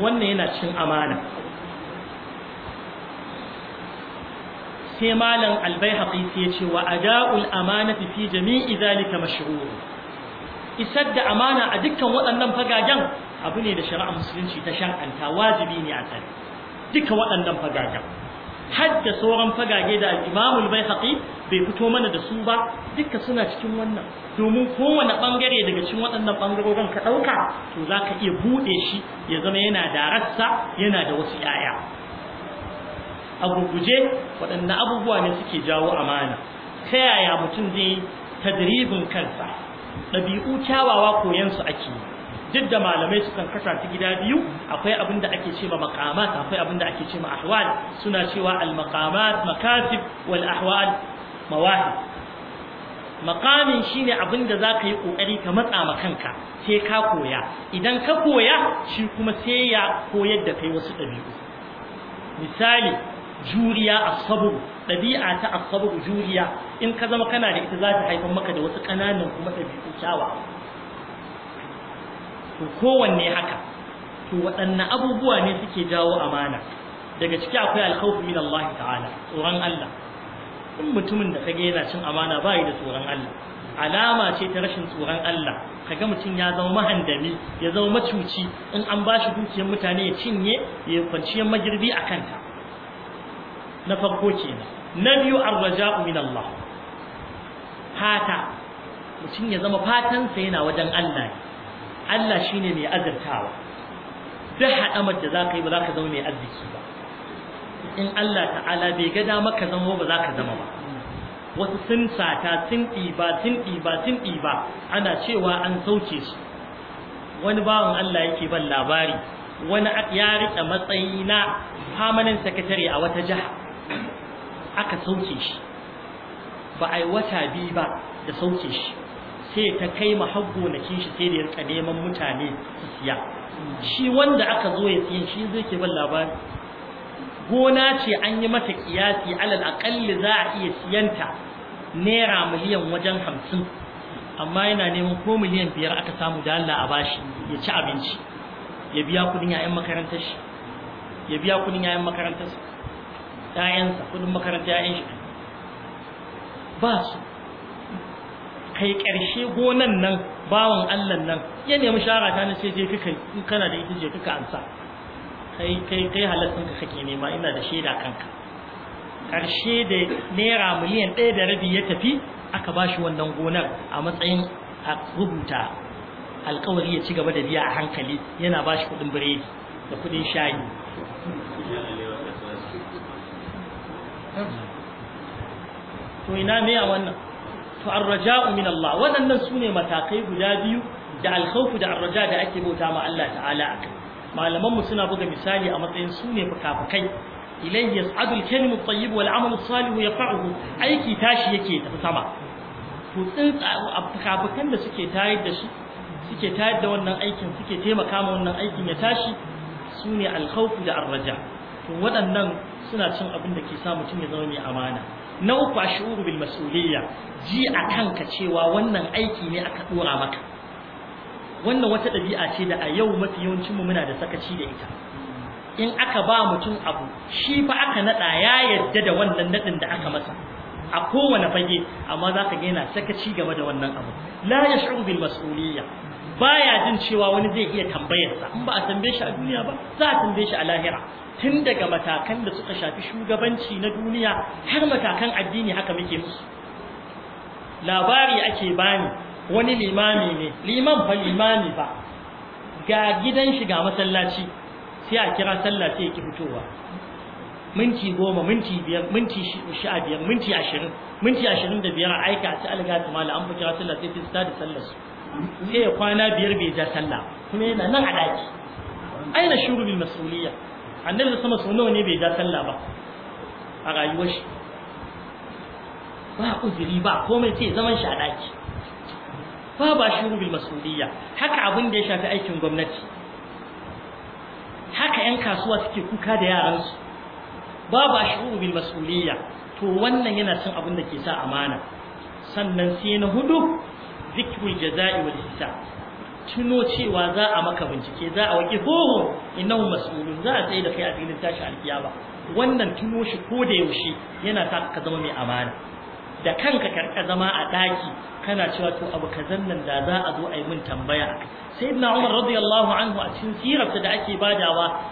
wannan yana cin amana sai malam albayhaqi sai ya ce wa ada'ul amanati fi jami'i zalika mashhur isar da amana a dukkan waɗannan fagagen abu ne da shari'a musulunci ta shar'anta wajibi ne a kan Dukkan waɗannan fagagen hadda sauran fagage da al bai haƙi. bai fito mana da su ba duka suna cikin wannan domin kowane bangare daga cikin waɗannan bangarorin ka ɗauka to za ka iya buɗe shi ya zama yana da rassa yana da wasu ƴaƴa a gurguje waɗanne abubuwa ne suke jawo amana ta yaya mutum zai tadribin kansa ɗabi'u kyawawa koyansu ake yi duk da malamai sukan kasa ta gida biyu akwai abin da ake ce ma maqamat akwai abin da ake ce ma ahwal suna cewa al maqamat makasib wal ahwal mawahi makamin shine abin da za yi ƙoƙari ka matsa ma kanka sai ka koya idan ka koya shi kuma sai ya koyar da kai wasu ɗabi'u misali juriya as-sabr ɗabi'a ta as-sabr juriya in ka zama kana da ita za ta haifar maka da wasu ƙananan kuma ɗabi'u kyawa to kowanne haka to waɗanne abubuwa ne suke jawo amana daga ciki akwai al-khawf min Allah ta'ala tsoron Allah in mutumin da kage yana cin amana ba da tsoron Allah alama ce ta rashin tsoron Allah kaga mutum ya zama mahandami ya zama macuci in an ba shi dukiyar mutane ya cinye ya kwanciyar magirbi a kanta na farko nan, na biyu arraja'u min Allah fata mutum ya zama fatansa yana wajen Allah Allah shine mai azurtawa duk haɗamar da za ka yi ba za ka zama mai arziki ba in Allah ta'ala bai ga dama ka zama ba za ka zama ba wasu sun sata sun ɗiba sun ɗiba sun ɗiba ana cewa an sauke su wani bawan Allah yake ban labari wani ya riƙe matsayi na permanent secretary a wata jiha aka sauke shi ba a yi wata biyu ba da sauke shi sai ta kai mahaggo na shi sai da ya neman mutane su siya shi wanda aka zo ya siya shi zai ke ban labari gona ce an yi mata kiyasi alal aƙalli za a iya siyanta naira miliyan wajen hamsin amma yana neman ko miliyan biyar aka samu da Allah a bashi ya ci abinci ya biya kudin yayan makarantar shi ya biya kudin yayan makarantar su sa kudin makarantar yayan shi ba su kai ƙarshe gonan nan bawan Allah nan ya nemi shara ta sai ce je kika in kana da ita je kika ansa kai kai kai halattun ka kake nema ina da shaida kanka karshe da naira miliyan ɗaya da rabi ya tafi aka ba shi wannan gonar a matsayin a rubuta alkawari ya ci gaba da biya a hankali yana ba shi kuɗin biredi da kuɗin shayi to ina me a wannan to arraja'u min Allah waɗannan su ne matakai guda biyu da alkhawfu da arraja da ake bauta ma Allah ta'ala akai Malamanmu suna buga misali a matsayin su ne fukafukai ilayhi yas'adul kalimu tayyib wal amalu salihu yaf'ahu aiki tashi yake tafi sama to fukafukan da suke tayar da shi suke tayar da wannan aikin suke taimaka ma wannan aikin ya tashi su ne alkhawfu da arraja to waɗannan suna cin abin da ke sa mutum ya zama mai amana na uku a shi'uru bil mas'uliyya ji a kanka cewa wannan aiki ne aka dora maka wannan wata ɗabi'a ce da a yau mafi yawancinmu muna da sakaci da ita in aka ba mutum abu shi fa aka naɗa ya yadda da wannan naɗin da aka masa a kowane fage amma za ka yana sakaci game da wannan abu la ya shi'u bil mas'uliyya baya jin cewa wani zai iya tambayarsa in ba a tambaye shi a duniya ba za a tambaye shi a lahira tun daga matakan da suka shafi shugabanci na duniya har matakan addini haka muke musu labari ake bani wani limami ne liman ba limami ba ga gidan shiga masallaci sai a kira sallah sai ki fitowa minti goma minti biyar minti sha biyar minti ashirin minti ashirin da biyar a aika a ci algatu mala an fi kira sallah sai fista da sallar sai ya kwana biyar bai ja sallah kuma yana nan a daki aina shuru bil mas'uliyya annabi da sama sau nawa ne bai ja sallah ba a rayuwar shi ba uzuri ba komai sai zaman shi a daki fa ba shuru bil masuliyya haka abin da ya shafi aikin gwamnati haka yan kasuwa suke kuka da su ba ba shuru bil masuliyya to wannan yana cin abin da ke sa amana sannan sai na hudu zikrul jazai wal hisab tuno cewa za a maka bincike za a waki hoho inna mas'ulun za a tsaye da kai a filin tashi alkiyama wannan tuno shi ko da yaushe yana ta ka zama mai amana da kanka karka zama a daki kana cewa to abu kazan nan da za a zo a yi min tambaya sai umar radiyallahu anhu a cikin sirarsa da ake badawa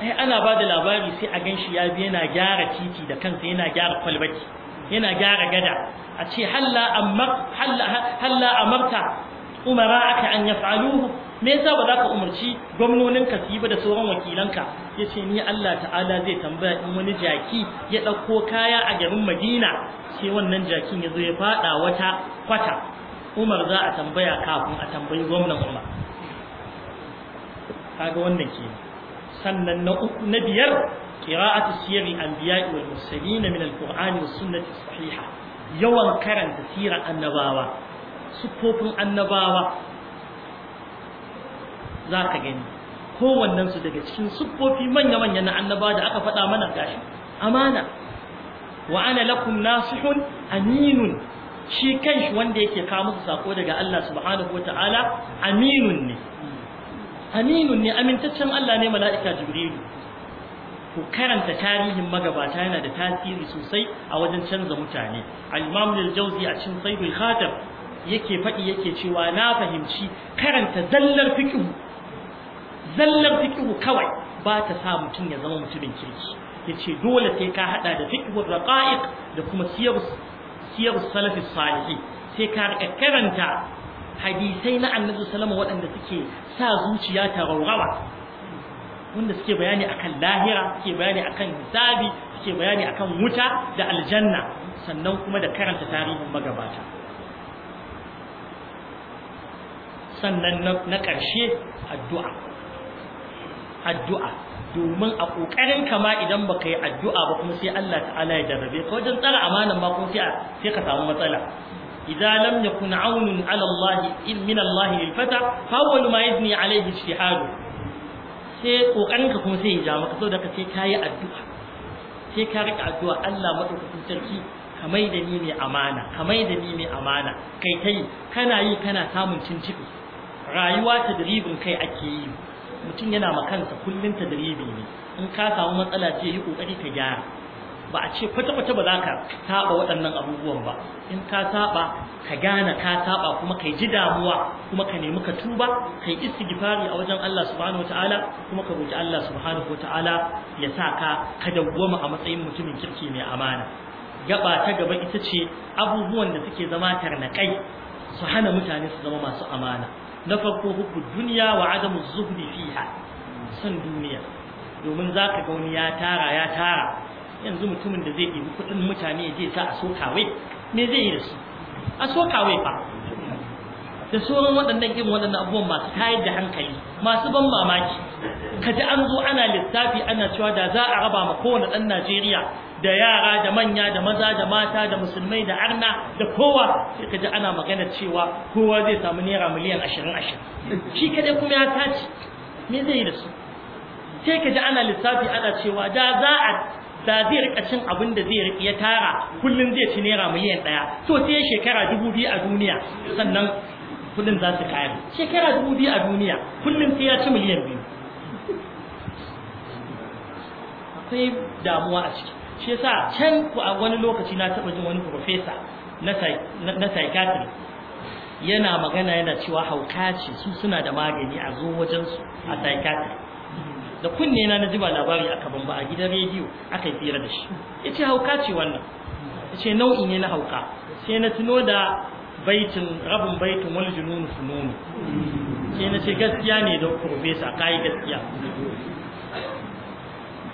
sai ana bada labari sai a ganshi ya bi yana gyara titi da kansa yana gyara kwalbati yana gyara gada a ce halla halla amarta umara aka an yaf'aluhu me yasa ba za ka umarci gwamnonin ka ba da sauran wakilanka ya ce ni Allah ta'ala zai tambaya in wani jaki ya ɗauko kaya a garin Madina sai wannan jakin ya zo ya faɗa wata kwata Umar za a tambaya kafin a tambayi gwamnan Umar kaga wannan ke sannan na uku na biyar qira'atu siyari anbiya'i wal mursalin min alqur'ani was sunnati sahiha yawan karanta sirar annabawa siffofin annabawa za ka gani kowannensu daga cikin siffofi manya-manya na annaba da aka faɗa mana gashi amana wa ana lakum nasihun aminun shi kanshi wanda yake kawo musu sako daga Allah subhanahu wata'ala aminun ne aminun ne amintaccen Allah ne mala'ika jibrilu ku karanta tarihin magabata yana da tasiri sosai a wajen canza mutane al-imam al-jawzi a cikin sayyid al-khatam yake faɗi yake cewa na fahimci karanta dallar fiqh zallar fiqhu kawai ba ta sa mutum ya zama mutumin kirki yace dole sai ka hada da fiqhu raqa'iq da kuma siyar siyar salafi sai ka karanta hadisai na annabi sallallahu waɗanda suke sa zuciya ta raurawa wanda suke bayani akan lahira suke bayani akan hisabi suke bayani akan wuta da aljanna sannan kuma da karanta tarihin magabata sannan na ƙarshe addu'a addu'a domin a kokarin ma idan baka yi addu'a ba kuma sai Allah ta'ala ya jarrabe ka wajen tsara amanan ma kuma sai ka samu matsala idza lam yakun aunun ala Allah in min Allah lil fata fa awwal ma yadni alayhi sai kokarin ka kuma sai ya ja maka saboda ka sai kayi addu'a sai ka rika addu'a Allah madaukakin sarki kamai da ni mai amana kamai da ni mai amana kai tai kana yi kana samun cin ciki rayuwa ta diribin kai ake yi mutum yana makansa kullum ta tadribi ne in ka samu matsala ce yi kokari ka gyara ba a ce kwata-kwata ba za ka taba waɗannan abubuwan ba in ka taba ka gane ka taba kuma ka ji damuwa kuma ka nemi ka tuba ka kai istighfari a wajen Allah subhanahu wataala kuma ka roki Allah subhanahu wataala ya sa ka ka dawwama a matsayin mutumin kirki mai amana gaba ta gaba ita ce abubuwan da suke zama tarnakai su hana mutane su zama masu amana na farko hukun duniya wa adamu zuhdi fiha son duniya domin za ka ga wani ya tara ya tara yanzu mutumin da zai ɗibi kudin mutane ya je sa a sokawai me zai yi da su a sokawai fa da sauran waɗannan irin waɗannan abubuwan masu tayar da hankali masu ban mamaki ka ji an zo ana lissafi ana cewa da za a raba ma kowane ɗan Najeriya da yara da manya da maza da mata da musulmai da arna da kowa sai ka ji ana magana cewa kowa zai samu naira miliyan ashirin ashirin shi kadai kuma ya tace me zai yi da su sai ka ji ana lissafi ana cewa da za a da zai rika cin abin da zai ya tara kullum zai ci naira miliyan ɗaya to sai shekara dubu biyu a duniya sannan kuɗin za su shekara dubu biyu a duniya kullum sai ya ci miliyan biyu Sai damuwa a ciki shi yasa can ku a wani lokaci na taba jin wani professor na psychiatry yana magana yana cewa hauka ce su suna da magani a zo wajen su a psychiatry da kunne na ji ba labari aka ban ba a gidan rediyo aka yi fira da shi yace hauka ce wannan yace nau'i ne na hauka sai na tuno da baitin rabin baitin wal jununu sai na ce gaskiya ne da professor kai gaskiya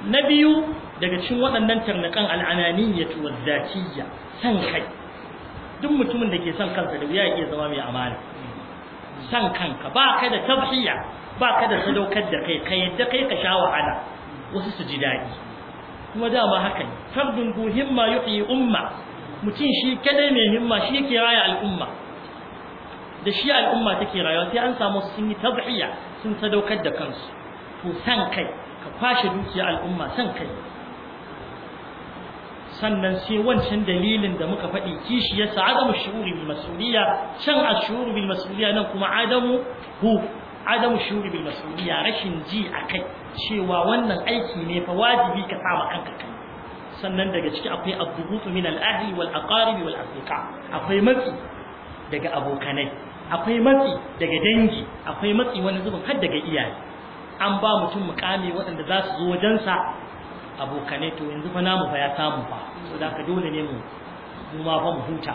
na biyu daga cikin waɗannan tarnaƙan al'ananiyyatu wa zatiyya san kai duk mutumin da ke son kansa da wuya ya zama mai amana san kanka ba ka da tabhiya ba ka da sadaukar da kai ka yadda kai ka sha wahala wasu su ji daɗi kuma dama haka ne fardun gu himma yuhyi umma mutum shi kadai mai himma shi yake raya al'umma da shi al'umma take rayuwa sai an samu sun yi tabhiya sun sadaukar da kansu to san kai ka kwashe dukiya al'umma san kai sannan sai wancan dalilin da muka faɗi kishi ya sa adamu shuuri bil mas'uliyya can ashuru bil mas'uliyya nan kuma adamu hu adamu shuri bil mas'uliyya rashin ji a kai cewa wannan aiki ne fa wajibi ka sa kanka kai sannan daga ciki akwai abdubutu min al ahli wal aqarib wal asdiqa akwai matsi daga abokanai akwai matsi daga dangi akwai matsi wani zubin har daga iyaye an ba mutum mukami waɗanda za su zo wajensa abokanai to yanzu fa namu fa ya samu fa so da ka dole ne mu mu ma fa mu huta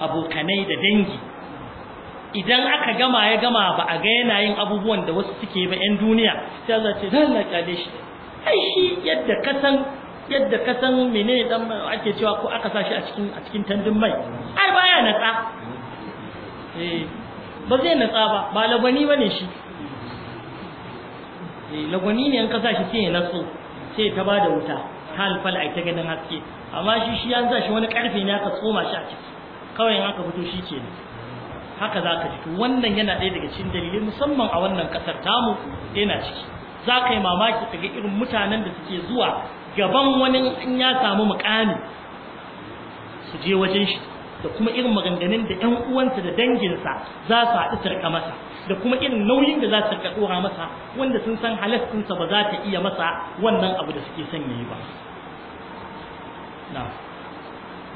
abokanai da dangi idan aka gama ya gama ba a ga yana yin abubuwan da wasu suke ba yan duniya sai Allah ce dan na kale shi ai shi yadda ka san yadda ka san mene dan ake cewa ko aka sa shi a cikin a cikin tandin mai ai baya natsa eh ba zai natsa ba ba labani bane shi Eh, lagwani ne an kasa shi sai ya naso sai ta ba da wuta ta alfal a ta ganin haske amma shi shi an shi wani karfe ne aka tsoma shi a ciki kawai in aka fito shi ke haka za ka ji wannan yana ɗaya daga cikin dalilin musamman a wannan ƙasar tamu yana ciki za ka yi mamaki ka ga irin mutanen da suke zuwa gaban wani in ya samu mukami su je wajen shi da kuma irin maganganun da ƴan uwansa da danginsa za su haɗu tarka masa da kuma irin nauyin da za su tarka ɗora masa wanda sun san halastinsa ba za ta iya masa wannan abu da suke son yayi ba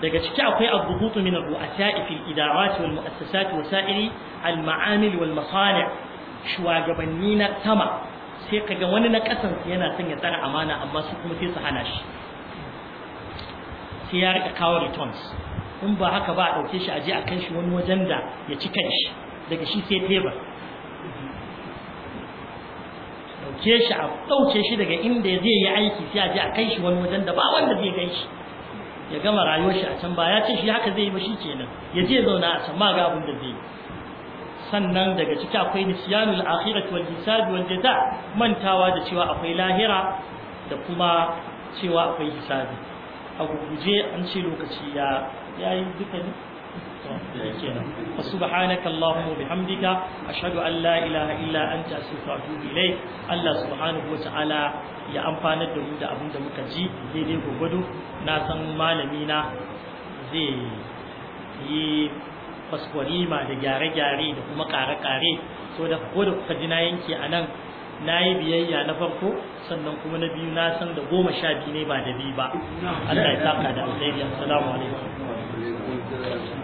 daga ciki akwai abubutu min ru'asa'i fil idarati wal mu'assasati wa sa'iri al ma'amil wal masani' shugabanni na sama sai kaga wani na kasansa yana son ya tsara amana amma su kuma sai su hana shi sai ya rika kawo returns in ba haka ba a ɗauke shi a je a kan shi wani wajen da ya ci kan shi daga shi sai teba ɗauke shi a ɗauke shi daga inda zai yi aiki sai a je a kai shi wani wajen da ba wanda zai gan shi ya gama rayuwar shi a can ba ya ce shi haka zai yi ba shi kenan ya je zauna a can ma ga abin da zai yi sannan daga ciki akwai nisyanul akhirati wal hisab wal jaza mantawa da cewa akwai lahira da kuma cewa akwai hisabi a guguje an ce lokaci ya yayin duka ne wa subhanaka allahumma bihamdika ashhadu an la ilaha illa anta astaghfiruka ilay allah subhanahu wa ta'ala ya amfanar da mu da abin da muka ji daidai gwagwado na san malami na zai yi faskwarima da gyare-gyare da kuma kare-kare so da kodakwa jina yanki a nan na yi biyayya na farko sannan kuma na biyu na san da goma sha biyu ne ba da biyu ba Allah ya saka da alheri assalamu alaikum